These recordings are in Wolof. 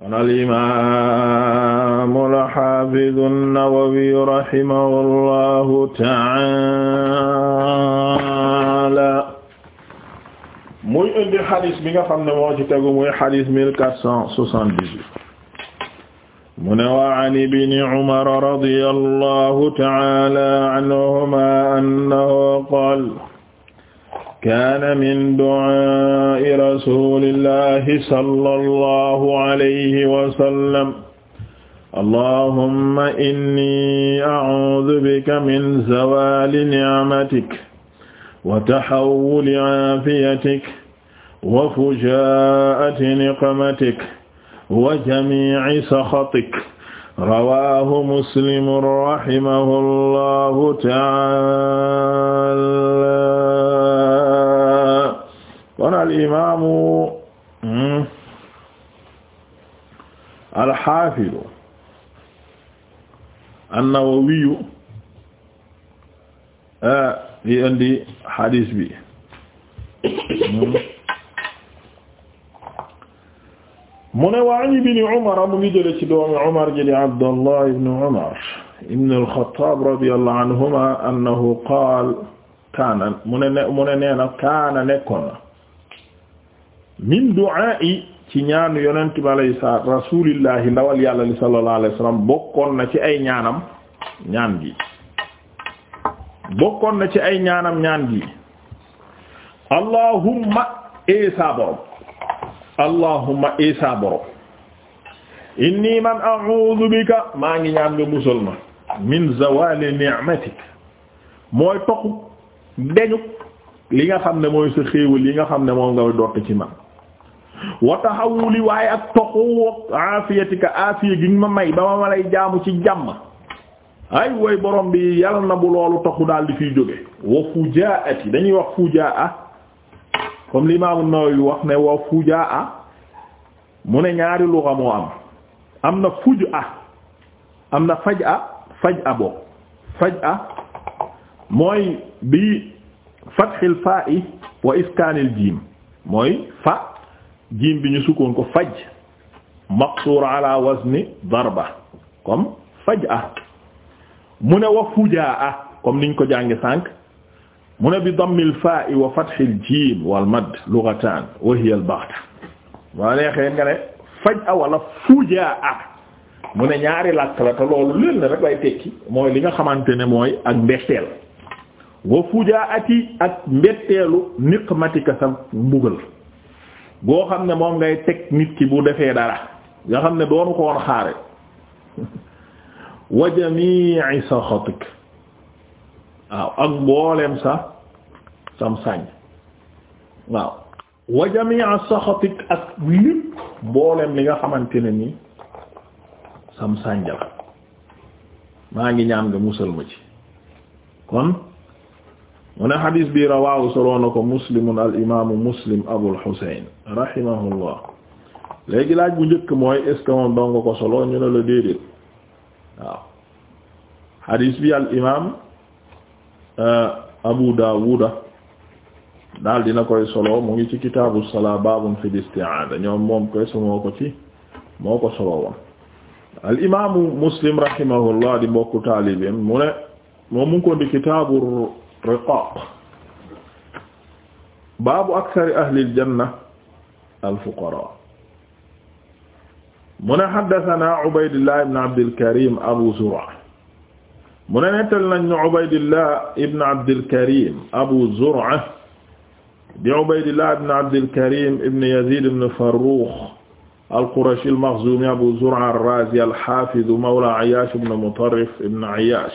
kon alimamu alxafidu an-Nawawi rahimahu allahu taala muy indi xadis bi nga xam ne moo ci tegu muy xadis mille quatre cent soixante-dix-huit mu ne wa an ibni Umar radiyallahu taala anhuma annahu qaala kaana min du'aa'i rasuulillahi sallallahu alayhi wa sallam allahumma inni a'uudu bika min zawaali ni'matik wa tahawwuli 'aafiyatik wa fujaa'ati niqmatik wa jamii'i sakhatik rawaahu muslim rahimahu allahu ta'aala kon al imaamu hmm, al xaafidu an-Nawawiyu di indi xadiis bi hmm. mu ne wa an ibni Umar mu ngi jële ci doomi Umar ji di Abdallah ibn Umar ibn al-Khattab radiyallahu anhuma annahu qaala kaana mu ne mu ne nee na kaana nekkoon na min du'aa'i ci ñaanu yonent bi alayhi salaatu rasuulillahi ndawal yàlla li sallallahu alayhi wasallam bokkoon na ci ay ñaanam ñaan gi bokkoon na ci ay ñaanam ñaan gi allahumma eesa borom allahumma eesa borom inni man a'uudu bika maa ngi ñaan nga musal ma min zawali ni'matik mooy toxu deñu li nga xam ne mooy sa xéewal yi nga xam ne moo nga dott ci man wa taxawuli waaye ak toxuwoog aafiyatika aafiya gi ma may ba ma lay jaamu ci jàmm ay woy borom bi yàlla na bu loolu toxu daal di fiy jóge wa fujaati dañuy wax fujaa comme l'imam an-Nawawi wax ne wa fujaa mu ne ñaari luxa moo am am na fujaa am na fajaa fajaa boo fajaa mooy bi fathil faa'i wa iskanil jiim mooy fa jiim bi ñu sukkoon ko faj maqsuur ala wazni darba comme faj a mu ne wa fujaa comme niñ ko jàngi sànq mu ne bi dammil faa'i wa fathil jiim wal madd lughatan wa hiya al baghta ne mu ne ñaari làkk la te loolu leen na rek lay tekki mooy li nga xamante ne mooy ak mbetteel wa fujaati ak mbetteelu niqmatika sa mbugal boo xam ne moom ngay teg nit ki bu defee dara nga xam ne doonu ko woon xaare wa jami'i sakhatik waaw ak mbooleem sa sam sañ waaw wa jami'a sakhatik ak lépp mbooleem li nga xamante ne ni sam sañ la maa ngi ñaan nga musal ma ci kon mu ne xadis bi rawaahu soloo na ko muslimun al imaamu muslim abul xusayn rahimahullah léegi laaj bu njëkk mooy est ce que moom dong ko solo ñu ne la déedéet waaw uh, abu daawuda daal dina koy solo mu ngi ci kitaabu salaa baabun fi isti'aada ñoom moom koy moo ko ci solo woon al muslim rahimahullah di mbokku taalibeem mu ne moom kitaabu riqaaq baabu aksari ahlil janna alfuqaraa mu ne haddasanaa Ubaydillah ibn Abdilkarim Abu Zur'a mu ne nettal nañ ñu Ubaydillah ibn Abdilkarim Abu Zur'a di Ubaydillah ibn Abdilkarim ibn Yazid ibn Farrukh al-Qurashi al-Makhzumi Abu Zur'a ar-Razi al-Hafiz mawla Ayyash ibn Mutarrif ibn Ayyash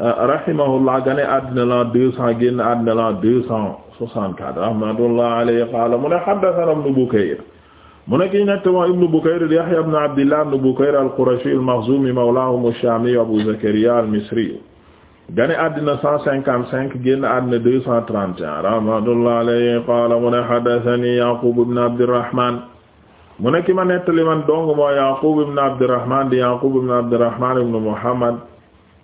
Euh, rahimahullah gane àddina la deux cent génn àddina la deux cent soixante-quatre rahmatullah alayhi qaala mu ne haddathana ibnu Bukayr mu ne kii nekk moo ibnu Bukayr di Yahya ibnu Abdillah ibnu Bukayr al-Qurashi al-Makhzumi mawlaahum ash-Shaami Abu Zakariya al-Misri gane àddina cent cinquante-cinq génn àddina deux cent trente et un rahmatullah alayhi qaala mu ne haddathani Yaqub ibnu Abdirrahmaan mu ne ki ma nettali man dong moo Yaqub ibnu Abdirrahmaan di Yaqub ibnu Abdirrahmaan ibnu Muhammad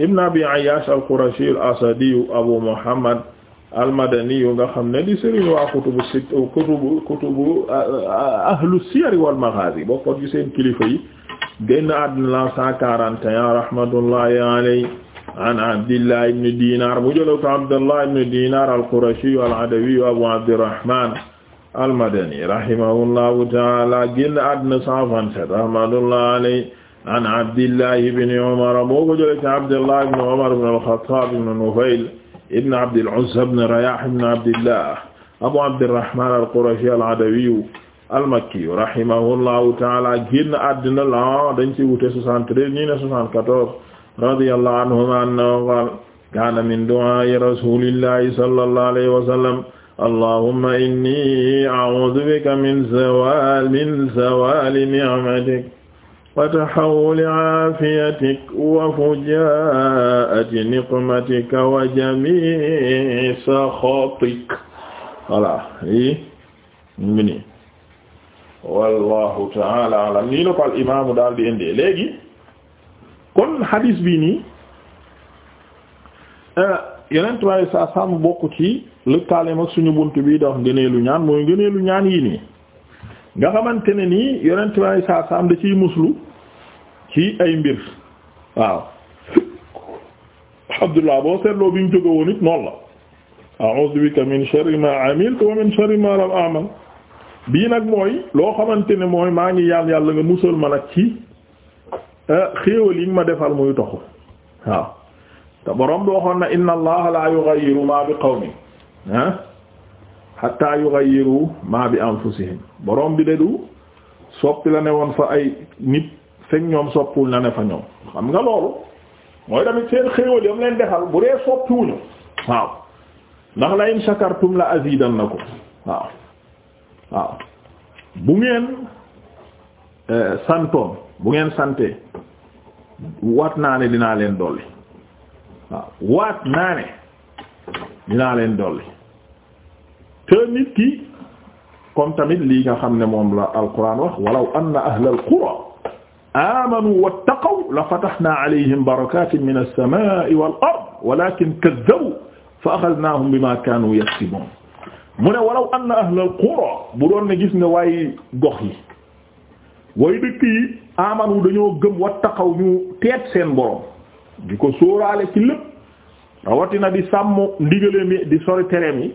ibn abi ayyash al-qurashi al-asadi abu muhammad al-madani nga xam ne di sëriñ waa kutubu sit kutubu kutubu ah, ahlu siyar wal maghazi bokkoon ci seen kilifa yi génn àddina la cent quarante et un rahmatullahi alayhi an abdillah ibn dinar mu jëloon ko abdallah ibn dinar al-qurashi al-adawi abu abdirrahman al-madani rahimahullahu ta'ala génn àddina cent vingt-sept rahmatullahi alayhi an abdillah ibni omara moo ko jëlee ci abdillah ibni omar ibn al-Khattab ibn Nufayl ibn Abdil Uzza ibn Rayah ibn abdillah Abu Abdirrahman al-Qurashi al-Adawi al-Makki rahimahullahu ta'ala génn àddina la dañ ci wute 73 ñi ne 74 radiyallahu anhuma annahu qala kana min du'a'i rasulillahi sallallahu alayhi wa sallam allahumma inni a'udhu bika min zawali min zawali ni'matik وتحول عافيتك وفجاءة نقمتك وجميع سخطك voilà i mi ni wallahu taala alam nii la ko al imaamu daal di indee léegi kon hadis bi nii euh, yenent waaye sa sàmm bokk ci lëkkaale mag suñu bunt bi dox ngëneelu ñaan mooy ngëneelu ñaan yi nii nga xamante ne nii yonent bi saa saam da ciy muslu ci ay mbir waaw Abdullah boo seetloo bi mu jóge woon it noonu la a'udhu bika min sharri ma amiltu wa min sharri ma lam bii nag mooy loo xamante ne mooy maa ngi yàlla yàlla nga musal ma nag ci eh, xéewal yi nga ma defal muy toxu waaw te borom bi waxoon na inna allaha la yughayyiru ma bi qawmin ha ah? hatta yughayyiru ma bi anfusihim borom bi de du soppi la ne woon fa ay nit fekk ñoom soppiwul na ne fa ñoom xam nga loolu mooy tamit seen xéewal yam leen defal bu dee soppiwuñu waaw ndax la in shakartum la azidannakum waaw waaw bu ngeen eh, santoon bu ngeen sante waat naa ne dinaa leen dolli waaw waat naa dinaa leen dolli te nit ki comme tamit lii nga xam ne moom la alquran wax walaw anna qura amanu wattaqaw la fatahna alayhim barakatin min as-samaa'i wal ard walakin kazzabu fa akhadnahum bima kanu yaksibun mu ne walaw anna ahlal qura bu doon ne gis nga waaye gox yi way dëkk yi amanu dañoo gëm wattaqaw ñu teet seen borom di ko sóoraale ci lépp rawatina di sàmm ndigale di sori tereem yi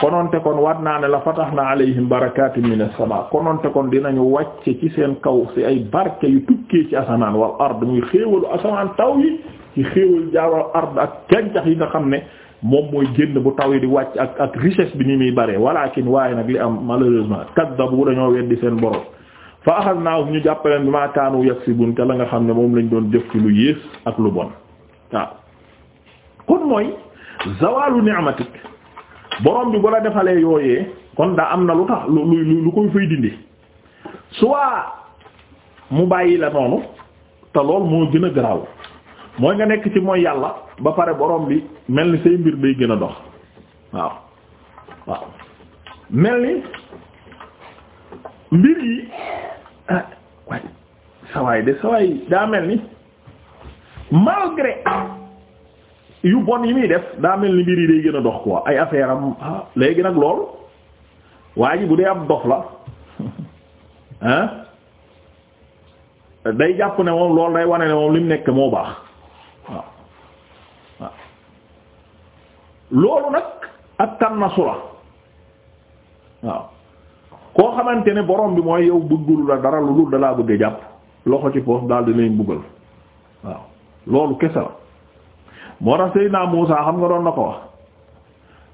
kononte kon waat naa ne la fatahna alayhim barakatin minas sama kononte kon dinañu wàcce ci seen kaw ci ay barke yu tukkee ci asamaan wal ard muy xéewalu asamaan taw yi ci xéewal jaawal ard ak gàncax yi nga xam ne moom mooy génn bu taw yi di wàcc ak ak bi ni muy bëree walakin waaye nag li am malheureusement kaddabu dañoo weddi seen borom fa axadnaahum ñu jàppaleen bi maa kaanu yaksibun te la nga xam ne moom lañ doon jëf ci lu yées ak lu bon waaw kon borom bi bu la defalee yooyee kon daa am na lu tax lu lu lu koy fay dindi soit mu bàyyi la noonu te lool moo gën a garaw mooy nga nekk ci mooy yàlla ba pare borom bi mel ni say mbir day gën a dox waaw waaw mel ni mbir yi ah sawaay de sawaay daa mel ni malgré yu bon yi muy def daa mel ni mbir yi day gën a dox quoi ay affaire am ah léegi nag lool waa ji bu dee ab dof la ah day jàpp ne moom loolu day wane ne moom li mu nekk moo baax waaw waaw loolu nag ak tànnasu la waaw koo xamante ne boroom bi mooy yow bëggul la dara lu dul dalaa bëgg jàpp loxo ci poos daal di lay mbugal waaw loolu kese la. moo tax Seydina Muusa xam nga doon na ko wax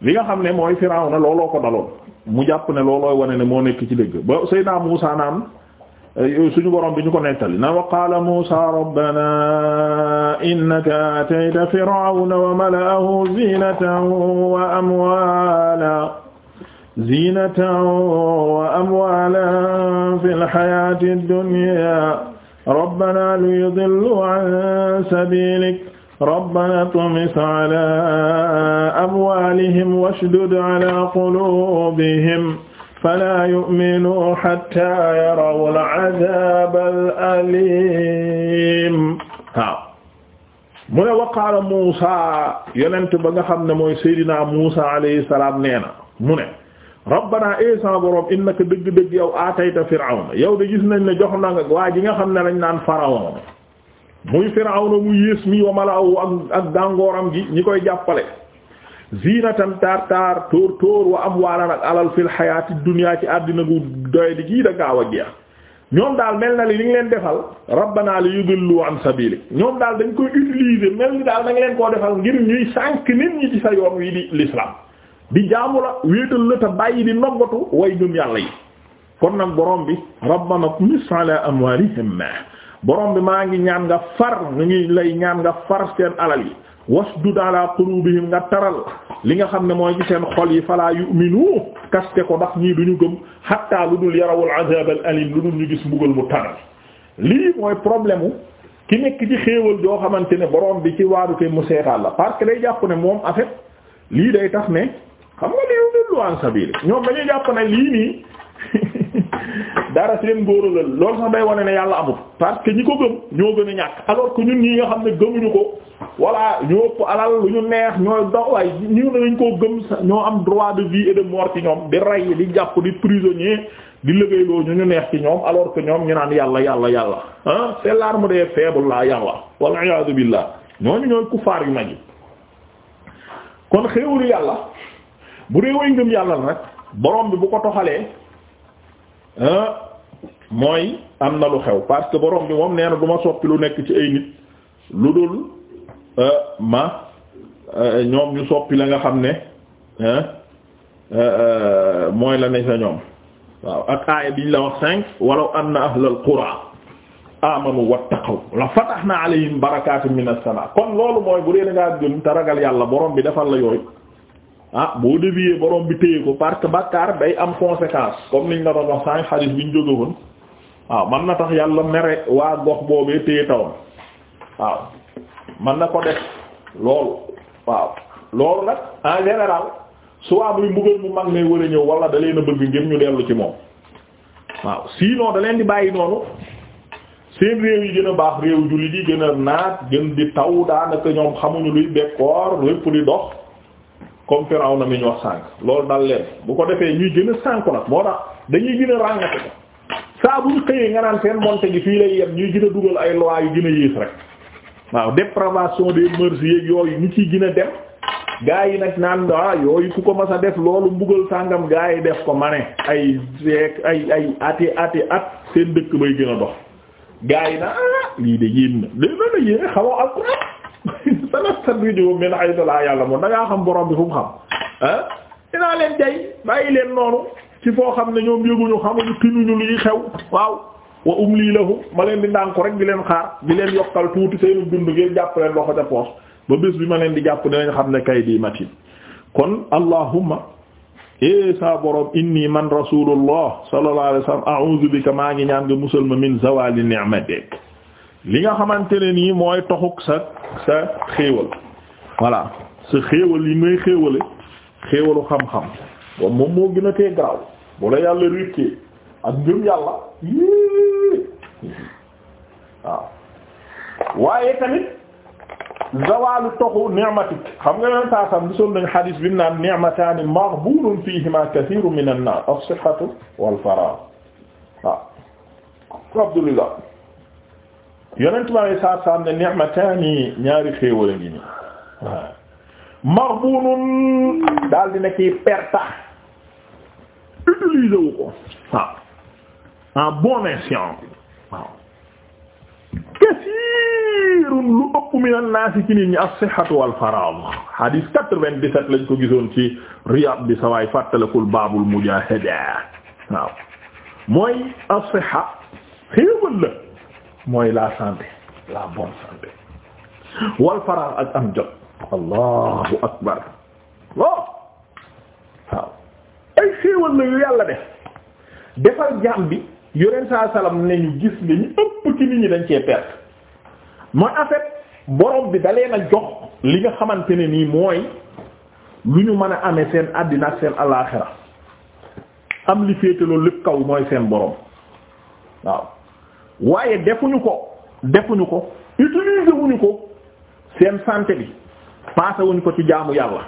li nga xam ne mooy Firawna looloo ko daloon mu jàpp ne loolooy wane ne moo nekk ci dëgg ba Seydina Muusa naan eh, suñu borom bi ñu ko nettali na wa qaala Muusa rabbana innaka atayta Firawna wa mala'ahu zinatan wa amwala zinatan wa amwalan fil hayatid dunya rabbana liyudillu an sabilik rabbana tumis ala amwalihim washdud ala qulubihim fala yu'minu hatta yaraw al-'adhab al-alim waaw mu ne waqaala Muusa yonent ba nga xam ne mooy Seydina Muusa alayhi salaam nee na mu ne rabbana eh asa borom innaka dëgg-dëgg yow aatayta Firawna yow de gis nañ ne jox na nga waa ji nga xam ne lañ naan Firawna muy Firawna mu yées mi wa malaawu ak ak gàngooram gi ñi koy jàppale zinatan taar taar tóor tóor wa amwaalan ak alal fil xayaati dunya ci àddina gu doy di gii da gaaw a jeex ñoom daal mel na li li leen defal rabbana li yudillu an sabilik ñoom daal dañ koy utiliser mel ni daal da nga leen koo defal ngir ñuy sànk nit ñi ci sa yoon wi di l'islam di jaamu la wéetal la te bàyyi di noggatu way ñun yàlla yi kon nag borom bi rabbana tumis ala amwalihim borom bi maa ngi ñaan nga far ñu ngi lay ñaan nga far seen alal yi wasdud ala qulubihim nga taral li nga xam ne mooy ci seen xol yi fala yu'minu kaste ko ndax ñii duñu gëm hatta lu dul yarawul azab al alim lu dul ñu gis mbugal mu taral lii mooy problème ki nekk ci xéewal joo xamante ne boroom bi ci waarute mu seetaan la parce que day jàpp ne moom en lii day tax ne xam nga liu dillu an sabili ñoom dañuy jàpp ne lii nii dara seen góoralal loolu sax day wane ne yàlla amul parce que ñi ko gëm ñoo gën a ñàkk alors que ñun ñi nga xam ne gëmuñu ko voilà ñoo ëpp alal lu ñu neex ñooy dox waaye ñu ne dañ koo gëm sax ñoo am droit de vie et de mort ci ñoom di rey di jàpp di prisonnier di liggéeyloo ñu ñu neex ci ñoom alors que ñoom ñu naan yàlla yàlla yàlla ah c'est l'arme des faibles la yàlla wal iyaadu billah ñooñu ñooy kuffaar yu mag yi kon xéewalu yàlla bu dee way ngëm yàlla la Ah, mooy am na lu xew parce que boroom bi moom nee na du soppi lu nekk ci ay nit lu dul ah, ma ah, ñoom ñu soppi la nga xam ne mooy la ne sa ñoom waaw ak aaya biñ la wax cinq walaw anna ahlal qura amanu wattaqaw la fatahna alayhim barakatin minas sama kon loolu mooy bu dee da gën te ragal yàlla borom bi defal la yooyu ah boo dévier borom bi téye ko parce que bàkkaar day am conséquence comme niñ la doon wax sànq xalis bi ñu jóge waaw man na tax yàlla mere waa gox boobee téye tawam waaw man na ko def loolu waaw loolu nag en général soit muy mbugal mu mag ne war a ñëw wala da leen a bëgg ngir ñu dellu ci moom waaw sinon da leen di bàyyi noonu seen réew yi gën a baax réew jullit yi gën a naat gën di taw daanaka ñoom xamuñu luy bekkoor lépp di dox comme na mi ñu wax sànk loolu dal leen bu ko defee ñuy gën a sànku nag moo tax dañuy gën a ràngate ko saa bu ñu xëyee nga naan seen monte gi fii lay yem ñuy gën a dugal ay lois yu gën a yées rek waaw dépravation des mœurs yeeg yooyu ñu ciy gën a dem gaa yi nag naan ah yooyu ku ko mas a def loolu mbugal sàngam gaa yi def ko ma ne ay ay ay ati ati at seen dëkk bay gën a dox gaa yi na ah lii de yéen na léeg-léeg yéen xamoo alxuraan sanastadrijuhum min haythu laa ya'lamuun da ngaa xam borom bi fu mu xam ah dinaa leen jay bàyyi leen noonu ci foo xam ne ñoom yëguñu xamuñu tinuñu li xew waaw wa umli lahum ma leen di ndànk rek di leen xaar di leen yokkal tuuti seenu dund ngeen jàpp leen loxo ca poos ba bés bi ma leen di jàpp dinañ xam ne kay di matin kon allahumma e sa borom inni man rasulullah sallallahu alayhi la a'udhu bika maa ngi ñaan nga musal ma min zawali ni'matik li nga xamante ne nii mooy toxuk sa sa xéewal voilà sa xéewal yi ngay xéewale xéewalu xam-xam bon moom moo gën a tee garaw bu la yàlla rékkee ak ngëm waaye tamit zawalu toxu ni'matik xam nga leen saasam gisoon nañ xadiis bi naan ni'mataani maghbunun fihima kathirun min an-nas as-sihhatu wal faragh waaw alhamdulillah yonent bi alei saatu salaam ne ni'mataani ñaari xéewal a ngi nii waaw maghbunun daal dina ciy perta utiliser wu ko bon escient waaw kasiirun min an-naas ci nit ñi as-sihhatu hadith quatre-vingt-dix-sept lañ ko gisoon ci Riyad bi sawaay fàttalakul baabul mujaahada waaw mooy as-sihha xéewal la mooy la santé la bonne santé wal faraax ak am jot allahu akbar waaw ay xéewal la yu yàlla def defal jaam bi yoreen saa salaam ne ñu gis ne ëpp ci nit ñi dañ cee perte mooy en fait bi dalee na jox li nga xamante ne nii mooy lu ñu mën a ame seen àddina ak seen alaaxira am li féete lépp kaw mooy seen boroom waaw waaye defuñu ko defuñu ko utiliser wuñu ko seen santé bi passé wuñ ko ci jaamu yàlla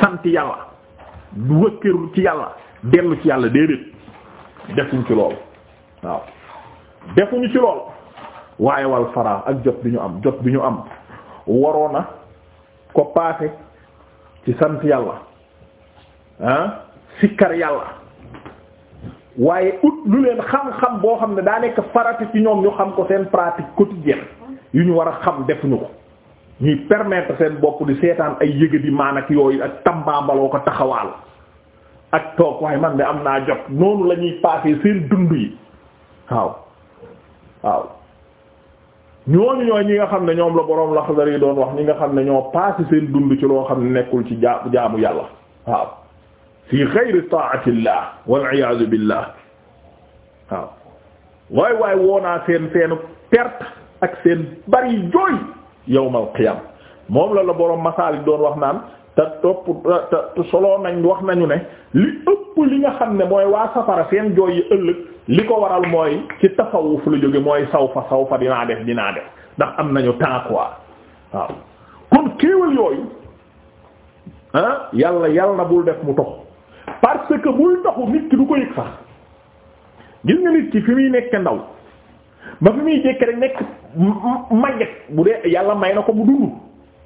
sant yàlla wëkkëru ci yàlla dellu ci yàlla déedéet defuñ ci lool waaw defuñu ci lool waaye wal faraa ak jot bi ñu am jot bi ñu am waroon na ko passé ci sant yàlla ah sikkar yàlla waaye ut lu leen xam-xam boo xam ne daa nekk farata ci ñoom ñu xam ko seen pratique quotidienne yu ñu war a xam defuñu ko ñuy permettre seen bopp di seetaan ay yëgadi maanak yooyu ak tambaambaloo ko taxawaal ak toog waaye man de am naa jot noonu la ñuy passé seen dund yi waaw waaw ñooñu ñooy ñi nga xam ne ñoom la boroom la yi doon wax ñi nga xam ne ñoo passé seen dund ci loo xam ne nekkul ci jaamu jaamu yàlla waaw fi xayri taatillah wal iyaadu billah waaw woonaa seen seenu perte ak seen bari jooy yawmal qiyaam moom la la boroom masaalik doon wax naan te topp te solo nañ wax nañu ne li ëpp li nga xam ne mooy waa safara seen jooy yi ëllëg li ko waral mooy ci tasawuf lu jóge mooy sawfa sawfa dinaa def dinaa def ndax am nañu temps quoi waaw kon kéewal yooyu ah yàlla yàlla na bul def mu tox parce que buy doxu nit ki du ko yëg sax gis nga nit ki fi muy nekk ndaw ba fi muy jékk rek nekk màgget bu dee yàlla may na ko bu dund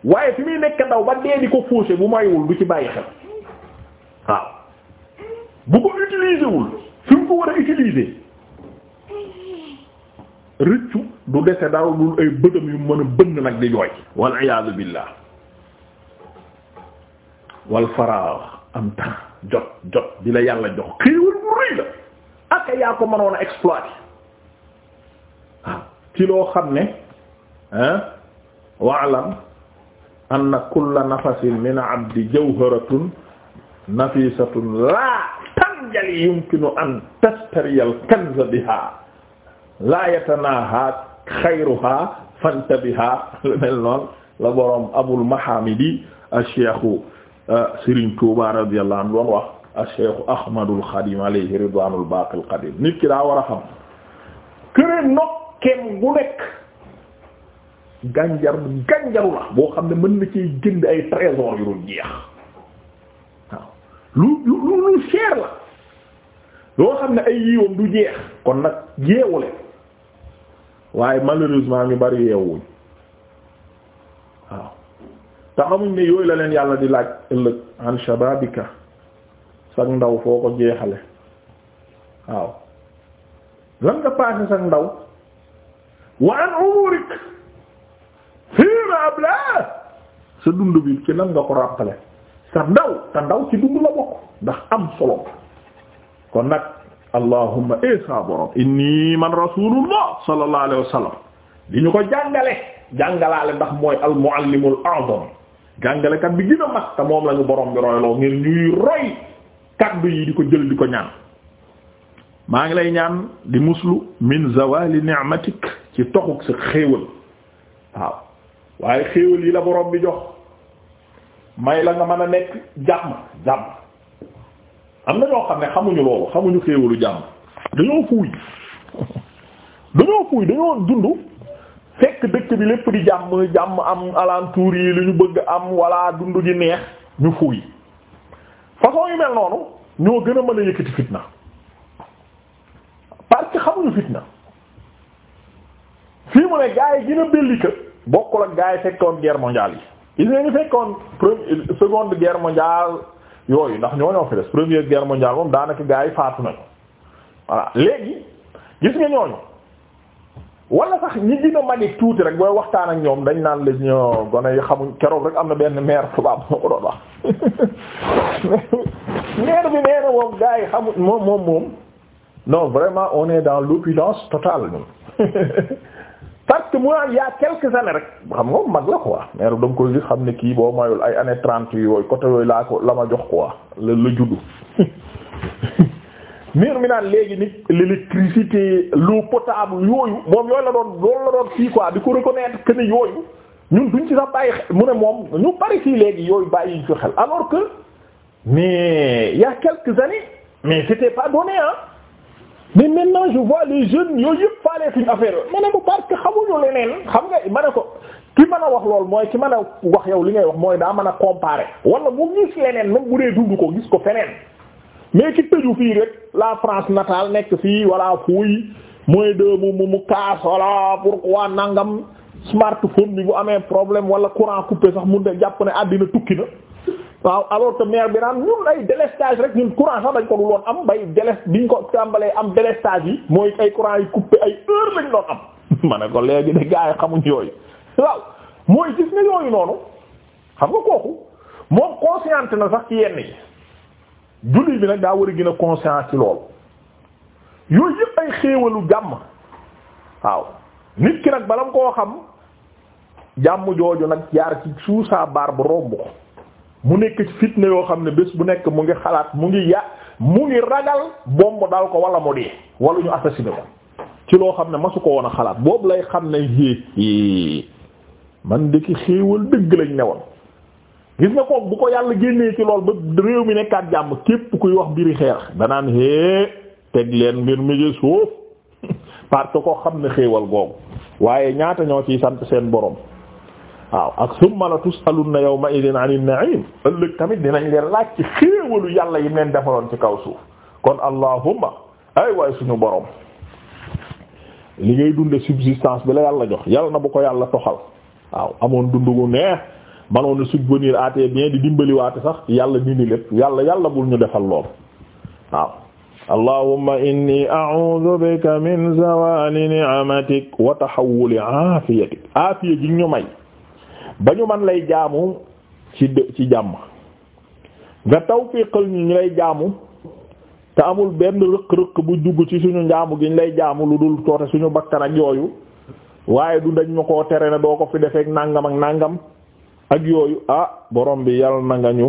waaye fi muy nekk ndaw ba dee di ko fauché bu maywul du ci bàyyi xel waaw bu ko utiliser fi mu ko war a utiliser rëccu du dese dara dul ay bëtam yu mën a bënn nag di jooy wal iyaadu billah wal faraax am temps jot jot bi la yàlla jox xéewal bu rëy la aka yaa ko mënoon a exploiter waaw ah, ci loo xam ne ah waalam anna kulla nafasin min abdi jawharatun nafisatun laa tanjali yumkinu an tastariya al kanza biha laa yatanaha xayruha fantabiha lu mel noonu la boroom abul mahamidi ash-shaykh Euh, Serigne Touba radiyallahu anhu doon wax ash-Shaykh Ahmadul Xadim alayhi ridwanul baqil qadim nit ki daa war a xam këre nokkeem bu nekk gànjar gànjaru la boo xam ne mën na ciy jënd ay trésor yu dul jeex waaw lu lu lu cher la loo xam ne ay yiwam du jeex kon nag yeewule waaye malheureusement ñu bari yeewuñ te xamuñ ne yooyu la leen yàlla di laaj ëllëg an shababika sag ndaw foo ko jeexale waaw lan nga passé sag ndaw wa an umurik fiima abla sa dund bi ci lan nga ko rappelé sa ndaw te ndaw ci dund la bokk ndax am solo kon nag allahumma esa borom inni man rasulullah sallallahu alayhi wa di ñu ko jàngale jàngalaale ndax mooy al muallimul a'zam jàngalekat bi gën a mag te moom la borom bi royloo ngir ñuy roy kaddu yi di ko jël di ko ñaan maa ngi lay ñaan di muslu min zawali ni'matik ci toxuk sa xéewal waaw waaye xéewal yi la borom bi jox may la nga mën a nekk jàmm jàmm am na ñoo xam ne xamuñu loolu xamuñu xéewalu jàmm dañoo fuuy dañoo fuuy dañoo dund fekk dëkk bi lépp di jàmm jàmm am alentour yi lu ñu bëgg am wala dund gi neex ñu fuuy façon yu mel noonu ñoo gën a mën a yëkkati fitna parce que xamuñu fitna fii mu ne gaa yi gën a belliqueux bokkul ak gaa yi fekkoon guerre mondiale yi. gis ngeen ñu fekkoon première seconde guerre mondiale yooyu ndax ñoo ñoo fi des guerre mondiale moom daanaka gaa yi faatu nañu voilà léegi gis nga ñooñu. wala sax ñi dina manik tuuti rek booy waxtaan ak ñoom dañ naan la ñoo gone yi xamuñ keroog rek am na benn maire tubaab moo ko doon wax maire bi moom moom moom non vraiment on dans l'opulence totale ñun parce que mu naan y'a quelques années rek xam nga mag la quoi maire bi da koy gis xam ne kii boo mayul ay années trente yooyu côté yooyu laa ko la ma jox quoi la la juddu miir mi naan léegi nit l'électricité l'eau potable yooyu moom yooyu la doon loolu la doon fii quoi di ko reconnaître que ni yooyu ñun duñ ci sax bàyyi mu ne moom ñu bari fii léegi yooyu bàyyi ñu ci xel alors que mais il y a quelques années mais c'était pas donné hein mais maintenant je vois les jeunes yooyu yëpp faale suñu affaire ma ne ko parce que xamuñu leneen xam nga ma ne ko ki man a wax lool mooy ki man a wax yow li ngay wax mooy daa mën a comparer wala mu gis leneen même bu dee ko ko feneen. mais ki tëju fii rek la France natale nekk fii walla fuuy mooy de mu mu kaas walla pourquoi nangam smartphone bi bu amee problème walla courant coupé sax mun de jàpp ne àddina tukki na waaw alors que maire bi naan ñun ay délestage rek ñun courant sax dañ ko dul woon am bay délest biñ ko tàmbalee am délestage yi mooy ay courant yi coupé ay heure lañ doon am ma ko léegi de gars xamuñ yooyu waaw mooy gis nga yooyu noonu xam nga kooku moom consciente na sax jullit bi nag daa war a gin a conscience ci loolu yooyu yëpp ay xéewalu jàmm waaw nit ki nag balam koo xam jàmm jooju nag jaar ci suuf saa baar bu romb ko mu nekk ci fitna yoo xam ne bés bu nekk mu ngi xalaat mu ngi yà mu ngi ragal bomb dal ko wala mu dee wala ñu assassiné ko ci loo xam ne masu ko woon xalaat boobu lay xam ne yéeg man de ki xéewal dëgg lañ newoon gis na koog bu ko yàlla génnee ci lool ba réew mi nekkaat jàmm képp kuy wax mbiri xeex danaan hee teg leen mbir mi ci suuf parce que xam ne xéewal googu waaye ñaata ñoo ci sant seen boroom waaw ak summa la tusaluna yawma idin anin na'im ëllëg tamit dinañ leen laaj ci xéewalu yàlla yim leen defaloon ci kaw suuf kon allahumma ay waay suñu borom li ngay dunde subsistance bi la yàlla jox yàlla na bu ko yàlla toxal waaw amoon dundu gu neex manoon a subvenir à tes di dimbaliwaate sax yàlla dindi lépp yàlla yàlla bul ñu defal lool waaw allahumma inni a'udhu bika min zawali ni'matik wa tahawuli aafiyatik aafiya gi ñu may ba ñu man lay jaamu ci d ci jàmm nga tawfiqal ñu ñu lay jaamu te amul benn rëq-rëq bu jugg ci suñu njaamu gi ñu lay jaamu lu dul toote suñu bakkan ak yooyu waaye du dañ ma ko tere ne doo ko fi defeek nangam ak nangam ak yooyu ah borom bi yal na nga ñu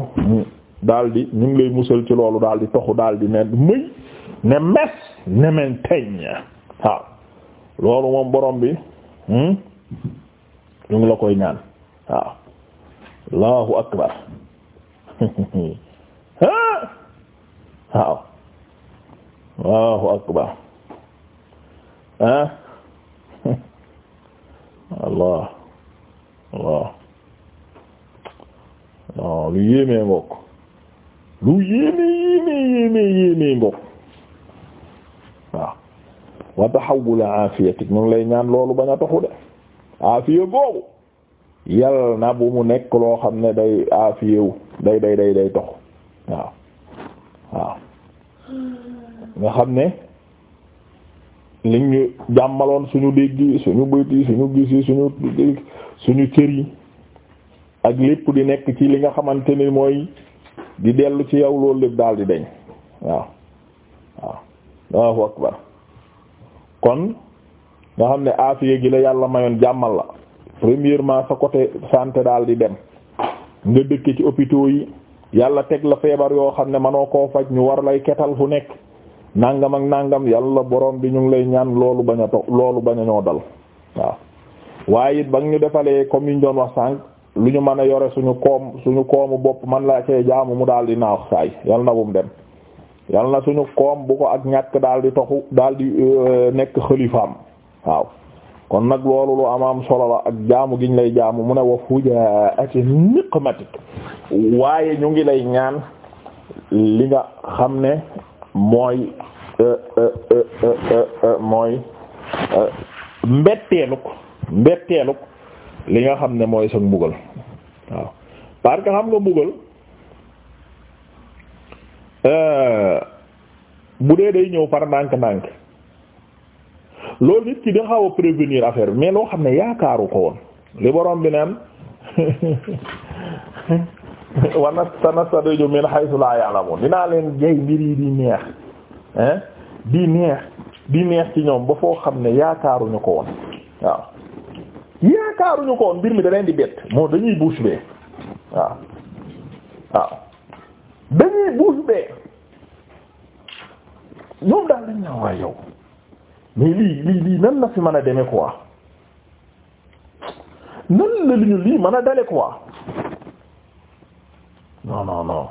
daldi ñu ngi lay musal ci loolu daldi toxu daldi ne mëy ne mes ne menteñ waaw loolu moom borom bi hmm, ñu ngi la koy ñaan waaw allahu akbar waaw allahu akbar ah allah non lu yéemee ngoog lu yéemee yéemee yéemee yéemee waaw wa tahawul aafiyatik ñu ngi lay ñaan loolu bañ a taxu de aafiya googu yal na bu mu nekk loo xam ne day aafiyewu day day day day taxu waaw waaw nga xam ne li ñu jàmmaloon suñu dégg suñu bët yi suñu gis yi suñu suñu cër yi ak lépp di nekk ci li nga xamante ni mooy di dellu ci yow loolu lépp daal di deñ waaw waaw nga xam ne afiya gi la yàlla mayoon jàmmal la premièrement sa côté santé daal di dem nga dëkk ci hôpitaux yi yàlla teg la feebar yoo xam ne manoo koo faj ñu war lay ketal fu nekk nangam ak nangam yàlla borom bi ñu ngi lay ñaan loolu bañ a loolu bañ ñoo dal waaw waaye it ba ñu defalee comme wax sànq. lu ñu mën a yore suñu koom suñu koomu bopp man laa cee jaamu mu daal di naax saay yal na bum dem yal na suñu koom bu ko ak ñàkk daal di toxu daal di euh, nekk xalifaam waaw kon nag loolu lu am solo la ak jaamu giñ lay jaamu mu ne wa fujaati niqmatik waaye ñu ngi lay ñaan li nga xam ne mooy euh, euh, mooy mbetteeluk mbetteeluk li nga xam ne mooy sa mbugal waaw parce que xam nga mbugal euh, bu dee day ñëw par ndànk-ndànk loolu nit ki da xaw a prévenir affaire bi mais loo xam ne yaakaaru ko woon li borom bi naan wana sanastadrijuhum min haythu laa ya'lamuun dinaa leen jay mbir di neex hein di neex di neex ci ñoom ba foo xam ne yaakaaruñu ko woon waaw yaakaaruñu ko mbir mi da di bett moo dañuy buus bee waaw waaw dañuy buus bee ñoom daal dañ naa waay yow lii lii lii nan la fi mën a deme quoi nan la li ñu lii mën a dale quoi non non non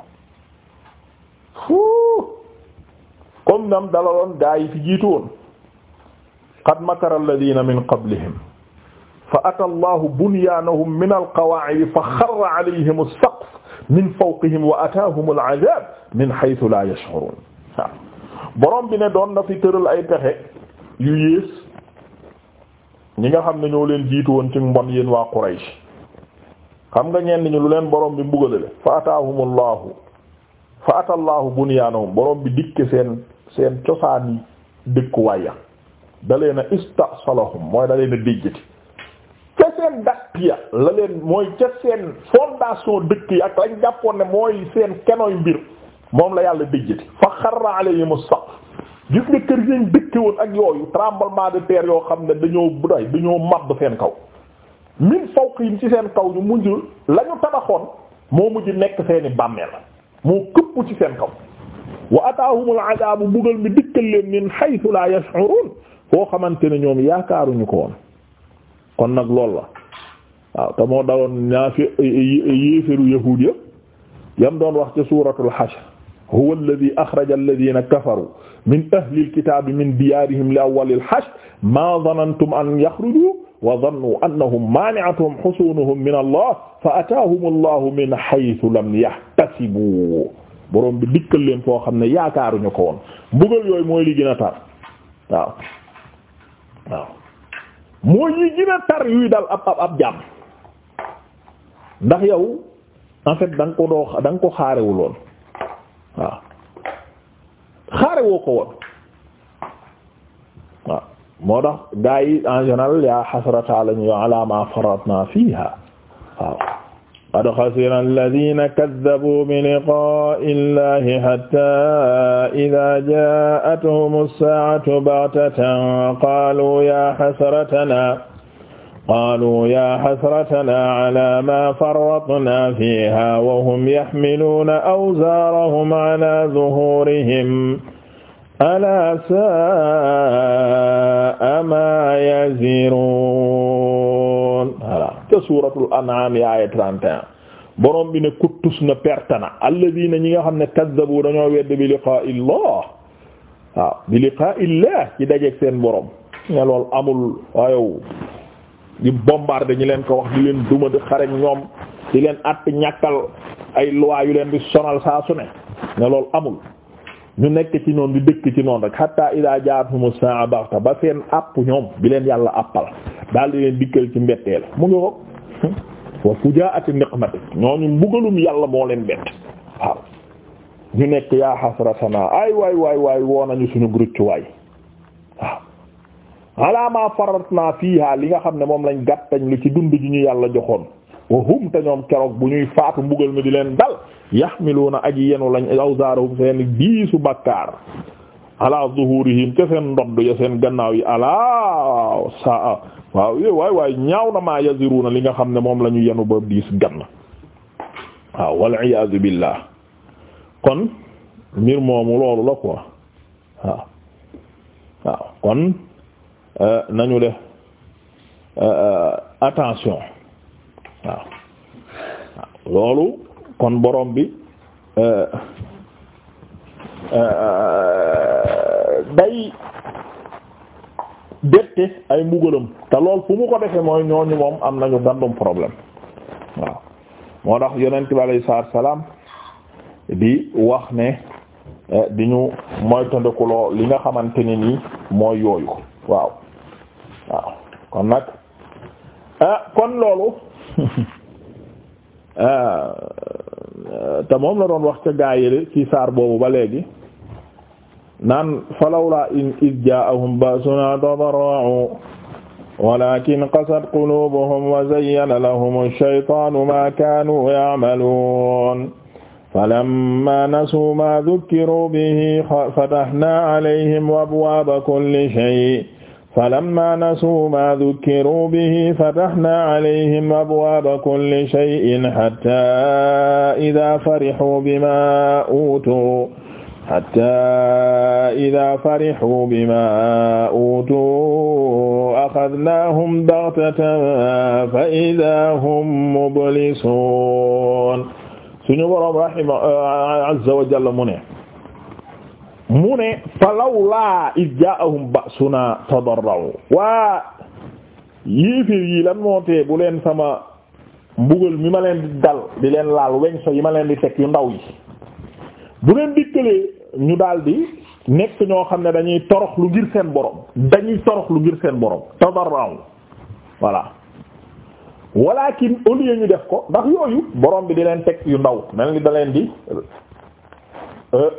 fuu comme nam dalaloon gaa yi fi jiitu woon qad makara alladhina min qablihim fa ata allahu bunyaanahum min alqawaacidi fa xarra alayhim as min fawqihim wa ataahum al min haythu laa yash'uruun borom bi ne doon na fi tëral ay pexe yu yées ñi nga xam ne ñoo leen jiitu woon ci mbon yéen waa Quraysh xam nga ñenn ñu lu leen borom bi mbugalale fa ataahum allahu fa ata allahu bunyaanahum borom bi dikke seen seen cosaani dëkkuwaay ya dalee na istasalahum mooy dalee na seen dàq ya la leen mooy ca seen fondation dëkk yi ak lañ jàppoon ne mooy seen kenooy mbir moom la yàlla dijjati fa xarra yi as-saqf gis nga kër yañ dëkkewul ak yooyu tremblement de terre yoo xam ne dañoo buday dañoo mabb seen kaw min yi ci seen kaw ñu mujj la ñu tabaxoon moo mujj nekk seeni bàmmeel moo këpp ci seen kaw wa ataahumul adaabu bugal mi dikkal leen min haythu la yash'urun foo xamante ne ñoom yaakaaruñu ko woon kon nag loolu la waaw te moo daloon ñaafi yéeferu yahuud ya yam doon wax ci suuratul hashr huwa alladhi akhraja alladhina kafaru min ahli alkitabi min diyarihim li awwali alhashr ma dhanantum an yakhruju wa dhannu annahum mani'atuhum husunuhum min allah fa ataahum allah min haythu lam yahtasibu borom bi dikkal leen foo xam ne yaakaaruñu ko woon mbugal yooyu mooy li gën a tar waaw waaw mooy yi gën a tar yuy dal ab ab ab jàmm ndax yow en fait da nga ko doo da nga ko xaarewul woon waaw xaarewoo ko woon waaw moo tax gaa yi en général yaa xasrata lañu ala ma faratna fiha waaw qad xasira alladina kaddabu bi liqa'i illahi hatta idha ja'atuhum as-sa'atu baghtatan qalu ya hasratana qaalu ya xasratanaa ala maa farratnaa fiihaa wa hum yaxmiluuna awzaarahum ala zuhuurihim alaa saa'a maa yaziruun voilà te suuratul an'aam aaya 31 borom bi ne kuttus na pertana alladiina ñi nga xam ne kazzabu dañoo wedd bi liqaa'i llaah waaw bi liqaa'i llaah ci dajeek seen borom ne lool amul ayow di bombarder ñi leen ko wax di leen duma di xare ñoom di leen àtt ñàkkal ay loi yu leen di sonal saa su ne ne loolu amul ñu nekk ci noonu di dëkk ci noonu rek hatta ida jaatum saa baxta ba seen àpp ñoom bi leen yàlla àppal daal di leen dikkal ci mbetteel mu ngi wax wa fujaati niqmati ñooñu mbugalum yàlla moo leen bett waaw ñu nekk yaa xasratana ay waay waay waay woo nañu suñu grucc waay waaw ala ma faratna fiha li nga xam ne moom lañ gàttañ lu ci dund ji ñu yàlla joxoon wa hum te keroog bu ñuy faatu mbugal mi di leen dal yaxmiluuna aji yenu lañ awzaarahum seen diisu bàkkaar ala zuhurihim ca seen ndodd ya seen gannaaw yi ala saa waaw yé waay waay ñaaw na maa yaziruna li nga xam ne moom la ñu yenu ba diis gann waaw wal iyaazu mbir moomu waaw kon Euh, nañu def euh, euh, attention waaw loolu kon boroom bi day dette ay mbugalam te lool fu mu ko defee mooy ñooñu moom am nañu gàndum problème waaw moo tax yonent bi alayhi salaam di wax ne di ñu moytandikuloo li nga xamante ni nii mooy yooyu waaw kon nag ah kon loolu ah, te moom la doon wax ca gaayele ci saar boobu ba léegi naan falawla in id jaahum basuna tadarra'u walakin qasat qulubuhum wa zayyana lahum ash-shaytanu ma kanu ya'malun falamma nasuu ma dhukkiru bihi fatahna alayhim abwaaba kulli shay' فلما نسوا ما ذكروا به فتحنا عليهم أبواب كل شيء حتى إذا فرحوا بما أوتوا حتى إذا فرحوا بما أوتوا أخذناهم بغتة فإذا هم مبلسون suñu Boroom rahimahullah azza wa jalla mu ne mu ne laa fa lawlaa ba jaahum ba'suna tadarra'u waa yéeféer yii lan moo tee bu leen sama mbugal mi ma leen di dal di leen laal weñ so yi ma leen di teg yu ndaw yi bu leen dikkalee ñu daldi nekk ñoo xam ne dañuy torox lu ngir seen borom dañuy torox lu ngir seen borom tadarra'u voilà walakin au lieu ñu def ko ndax yooyu borom bi di leen teg yu ndaw mel ni da leen di euh,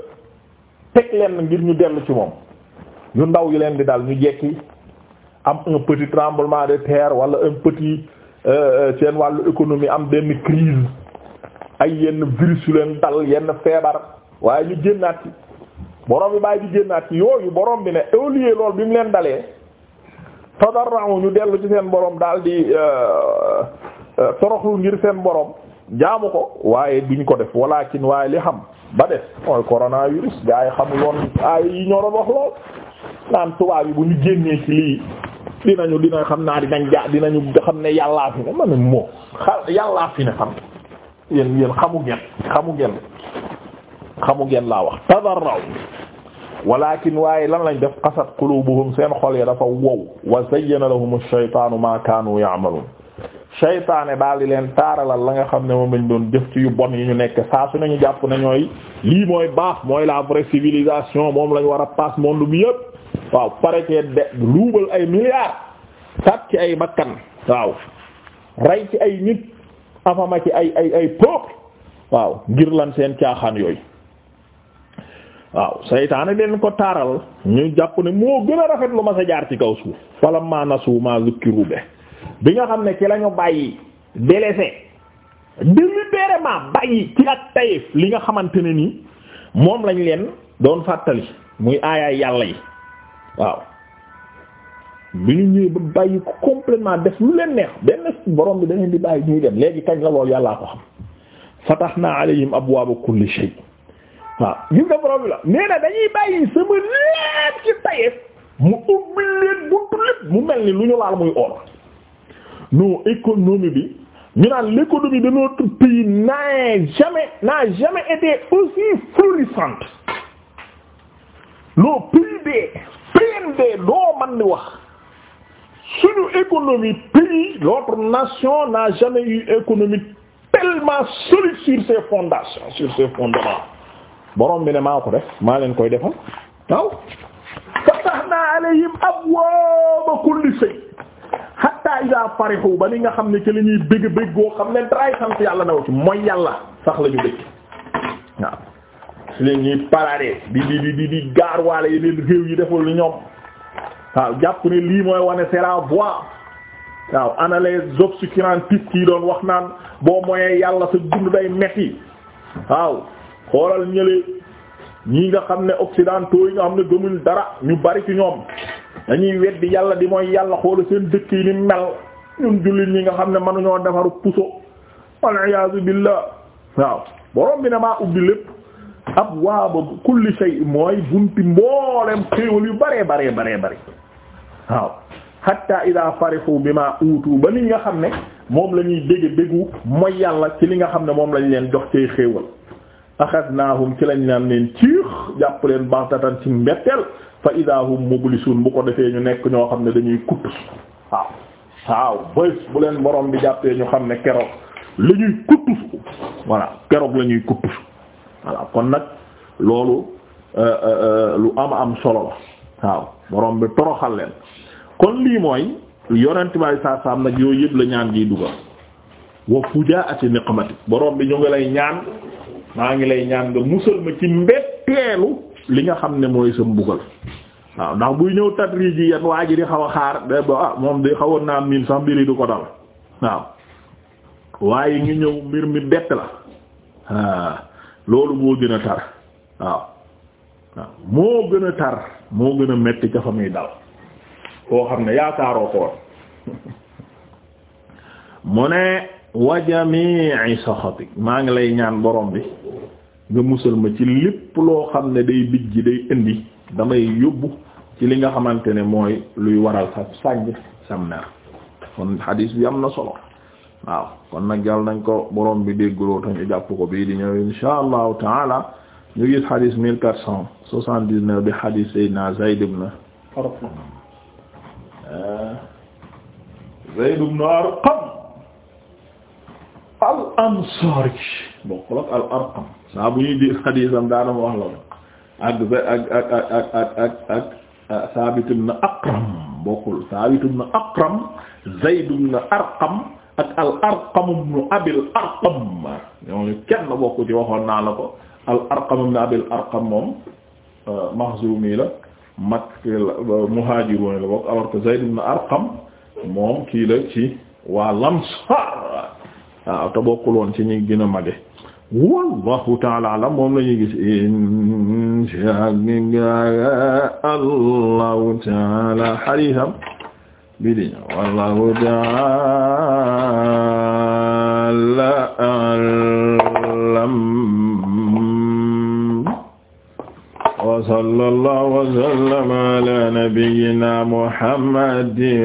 teg lenn ngir ñu dellu ci moom yu ndaw yi leen di dal ñu jekki am un petit tremblement de terre wala un petit euh, seen wàllu économie am benn crise ay yenn virus yu leen dal yenn feebar waaye ñu génnaat ci borom bi bàyyi di génnaat ci yooyu borom bi ne au lieu loolu bi mu leen dalee tadarra'u ñu dellu ci seen boroom daal di euh, euh, toroxlu ngir seen boroom jaamu ko waaye duñ ko def walakin waaye li xam ba des mooy coronavirus gaa yi xamul woon ay yi ñoroon wax lool naan tubaab yi bu ñu génnee ci lii dinañu dina xam naa dinañ ja dinañu xam ne yàllaa fi ne ma ne moo xa yàllaa fi ne xam yéen yéen xamu ngeen xamu ngeen xamu ngeen laa wax tadarraw walakin waaye lan lañ def qasat qulubuhum seen xol ya dafa wow wa zayyana lahum ash-shaytaanu maa kaanu ya'maluun seytaane daal di leen taaralal la nga xam ne moom lañ doon jëf ci yu bon yi ñu nekk saa su nañu jàpp nañooy lii mooy baax mooy la vraie civilisation moom lañu war a pass monde bi yëpp waaw pare ci de ay milliards tat ci ay bakkan waaw ci ay nit afama ci ay ay ay peuple waaw ngir lan seen caaxaan yooyu waaw seytaane leen ko taaral ñu jàpp ne moo gën a rafet lu ma sa jaar ci kaw suuf fala ma nasu ma zukkiru be bi nga xam ne ci la ñu bàyyi délaissé délibérément bàyyi ci ak tayef li nga xamante ne nii moom lañ leen doon fàttali muy aayaay yàlla yi waaw bi ñu ñëwee ba bàyyi ko complètement def lu leen neex benn borom bi da leen di bàyyi ñuy dem léegi kañ la loolu yàllaa ko xam fatahna alayhim abwaaba kulli shay waaw gis nga borom bi la nee dañuy bàyyi sama lépp ci tayef mu ubbi leen buntu lépp mu mel ni lu ñu laal muy or no économie bi ñu naan l'économie de notre pays n'a jamais n'a jamais été aussi florissante loo PIB PNB loo man di wax suñu économie pays l'autre nation n'a jamais eu économie tellement solide sur ses fondations sur ses fondements borom bi ne maa ko def maa leen koy defal waaw fatahna alayhim abwaaba kulli shay hatta ida farihu ba ni nga xam ne ci la ñuy bëgg bëgg xam ne daraay sant yàlla naw ci mooy yàlla sax la ñu bëgg waaw si la ñuy parade di di di di di gaarwaale yeneen réew yi deful lu ñoom waaw jàpp ne lii mooy wane c'est la voie yi doon wax naan boo moyee yàlla sa dund day metti waaw xoolal ñële ñii nga xam ne occidentaux yi nga xam ne gëmuñ dara ñu bari ci ñoom dañuy weddi yàlla di mooy yàlla xoola seen dëkk yi ni mel ñun jullit ñi nga xam ne mënuñoo defaru puso wal iyaazu billah waaw borom bi ne maa ubbi lépp ab waaba kulli shay mooy bunti mboolem xéewal yu bare bare bare bare waaw hatta ida farihu bima uutu ba ni nga xam ne moom lañuy ñuy dégg déggu mooy yàlla ci li nga xam ne moom lañ leen jox cay xéewal axadnaahum ci lañ naan leen ciix jàpp leen baxtatan ci mbetteel fa idaa hum mublisuun bu ko defee ñu nekk ñoo xam ne dañuy kutt waaw waaw bés bu leen borom bi jàppee ñu xam ne keroog la ñuy kuttus keroog la ñuy kuttus kon nag loolu euh, euh, euh, lu am am solo la waaw borom bi toroxal leen kon lii mooy yonent baay saa saam nag yooyu yëpp la ñaan giy dugal wa fujaati niqmati borom bi ñu ngi lay ñaan maa ngi lay ñaan nga musal ma ci mbetteelu li nga xam ne mooy sa mbugal waaw ndax buy ñëw tatri ji yan waa di xaw a xaar da ba ah moom di xawoon naa miin sax mbiri du ko dal waaw waaye ngi ñëw mbir mi bett la ah loolu moo gën a tar waaw moo gën a tar moo gën a metti ca fa muy dal koo xam ne yaakaaroo ko mu ne wa jamii saxatik maa ngi lay ñaan borom bi nga musal ma ci lépp loo xam ne day bijji day indi damay yóbbu ci li nga xamante ne mooy luy waral sa sànj sam kon xadiis bi am na solo waaw kon nag yàlla nañ ko boroom bi déggloo tañu jàpp ko bii di ñëw insha allahu taala ñu gis xadiis mille quatre cent soixante-dix-neuf bi xadiis Seydina Zayd ibn na euh, Zayd ibn al ansari bokkul ak al arqam saa bu ñuy di xadiisam daanama wax la ak ak ak ak ak ak ak ah, Saabit ibn Aqram bokkul Saabit ibn Aqram Zayd ibn Arqam ak al Arqam ibn Abil Arqam ñooñu kenn bokku ci waxoon naa la ko al Arqam ibn Abil Arqam moom ah, Maxzumi la Makk muhaajiruun la bokk alors que Zayd ibn Arqam moom kii la ci waa Lamsaar waaw te bokkul woon ci ñi gën a mage wallahu taala alam moom la ñuy gis inshaa allahu taala xaritam bi di ñëw wallahu taala alam wa sallallahu wa sallama ala nabiyyina muhammadin